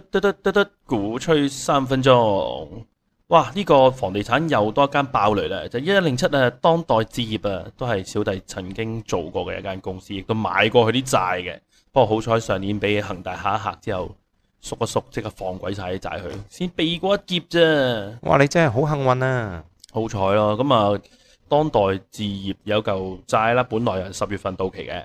得得得，股吹三分鐘，哇！呢、這個房地產又多一間爆雷啦，就一一零七啊，當代置業啊，都係小弟曾經做過嘅一間公司，亦都買過佢啲債嘅。不過好彩上年俾恒大嚇一嚇之後，縮一縮，即刻放鬼晒啲債去，先避過一劫啫。哇！你真係好幸運啊，好彩咯。咁啊，當代置業有嚿債啦，本來係十月份到期嘅。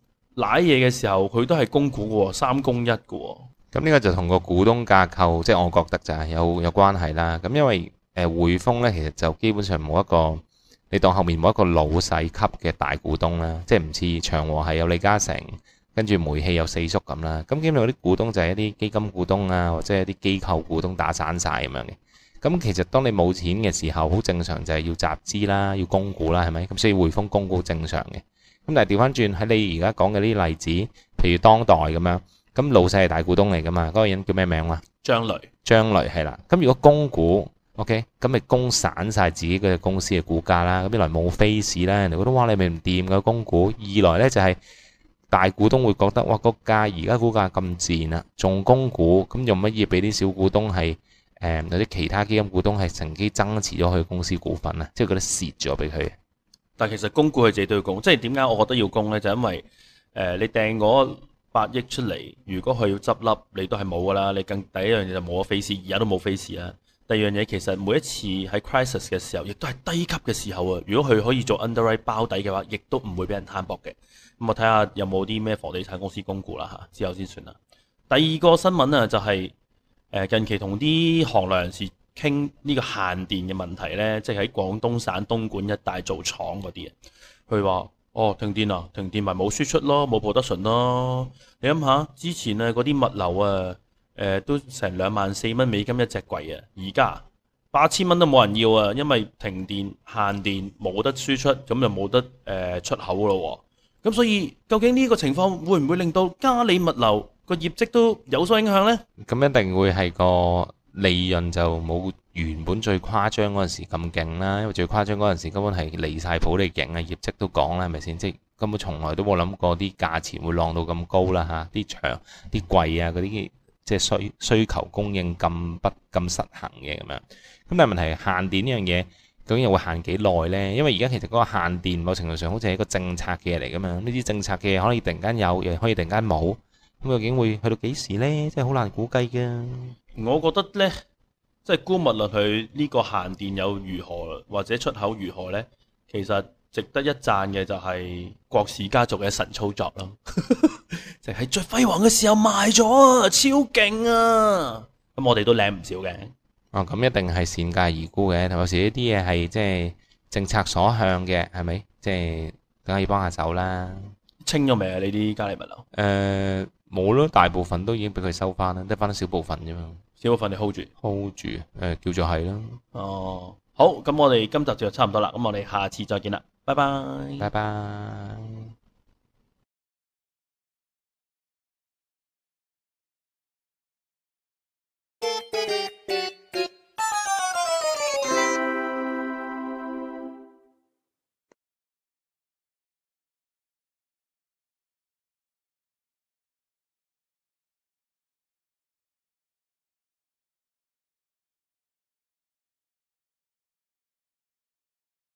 攋嘢嘅時候，佢都係供股喎，三供一嘅喎。咁呢個就同個股東架構，即係我覺得就係有有關係啦。咁因為誒、呃、匯豐呢，其實就基本上冇一個，你當後面冇一個老細級嘅大股東啦，即係唔似長和係有李嘉誠，跟住煤氣有四叔咁啦。咁基本上啲股東就係一啲基金股東啊，或者一啲機構股東打散晒咁樣嘅。咁其實當你冇錢嘅時候，好正常就係要集資啦，要供股啦，係咪？咁所以匯豐供股正常嘅。咁但係調翻轉喺你而家講嘅呢啲例子，譬如當代咁樣，咁老細係大股東嚟噶嘛？嗰個人叫咩名啊？張雷，張雷係啦。咁如果供股，OK，咁咪供散晒自己嘅公司嘅股價啦。咁一來冇飛市啦，人哋覺得哇你咪唔掂嘅供股。二來呢就係大股東會覺得哇個價而家股價咁賤啦，仲供股，咁用乜嘢俾啲小股東係誒啲其他基金股東係乘機增持咗佢公司股份啊？即係覺得蝕咗俾佢。但其實供股佢自己都要供，即係點解我覺得要供呢？就是、因為誒、呃、你掟嗰八億出嚟，如果佢要執笠，你都係冇噶啦。你更第一樣嘢就冇咗 face 而家都冇 face 啦。第二樣嘢其實每一次喺 crisis 嘅時候，亦都係低級嘅時候啊。如果佢可以做 underwrite 包底嘅話，亦都唔會俾人攤薄嘅。咁、嗯、我睇下有冇啲咩房地產公司供股啦嚇，之後先算啦。第二個新聞啊，就係、是、誒、呃、近期同啲行業人士。傾呢個限電嘅問題呢，即係喺廣東省東莞一帶做廠嗰啲啊，佢話：哦停電啊，停電咪冇輸出咯，冇 production 咯。你諗下，之前啊嗰啲物流啊，呃、都成兩萬四蚊美金一隻櫃啊，而家八千蚊都冇人要啊，因為停電限電冇得輸出，咁就冇得誒、呃、出口咯。咁所以究竟呢個情況會唔會令到嘉里物流個業績都有所影響呢？咁一定會係個。利潤就冇原本最誇張嗰陣時咁勁啦，因為最誇張嗰陣時根本係離晒譜嚟勁啊，業績都講啦，係咪先？即係根本從來都冇諗過啲價錢會浪到咁高啦嚇，啲、啊、場、啲櫃啊嗰啲，即係需需求供應咁不咁失衡嘅咁樣。咁但係問題限電呢樣嘢，究竟又會限幾耐呢？因為而家其實嗰個限電某程度上好似係一個政策嘅嘢嚟咁樣，呢啲政策嘅嘢可以突然間有，又可以突然間冇。咁究竟會去到幾時咧？真係好難估計嘅。我覺得咧，即係姑勿論佢呢個限電又如何，或者出口如何咧，其實值得一讚嘅就係郭氏家族嘅神操作啦！就係最輝煌嘅時候賣咗，超勁啊！咁我哋都領唔少嘅。哦，咁一定係善價而沽嘅，同時呢啲嘢係即係政策所向嘅，係咪？即係梗係要幫下手啦。清咗未啊？你啲嘉里物流？誒。冇咯，大部分都已經俾佢收翻啦，得翻少部分啫嘛。少部分你 hold 住，hold 住，誒、呃、叫做係啦。哦，好，咁我哋今集就差唔多啦，咁我哋下次再見啦，拜拜，拜拜。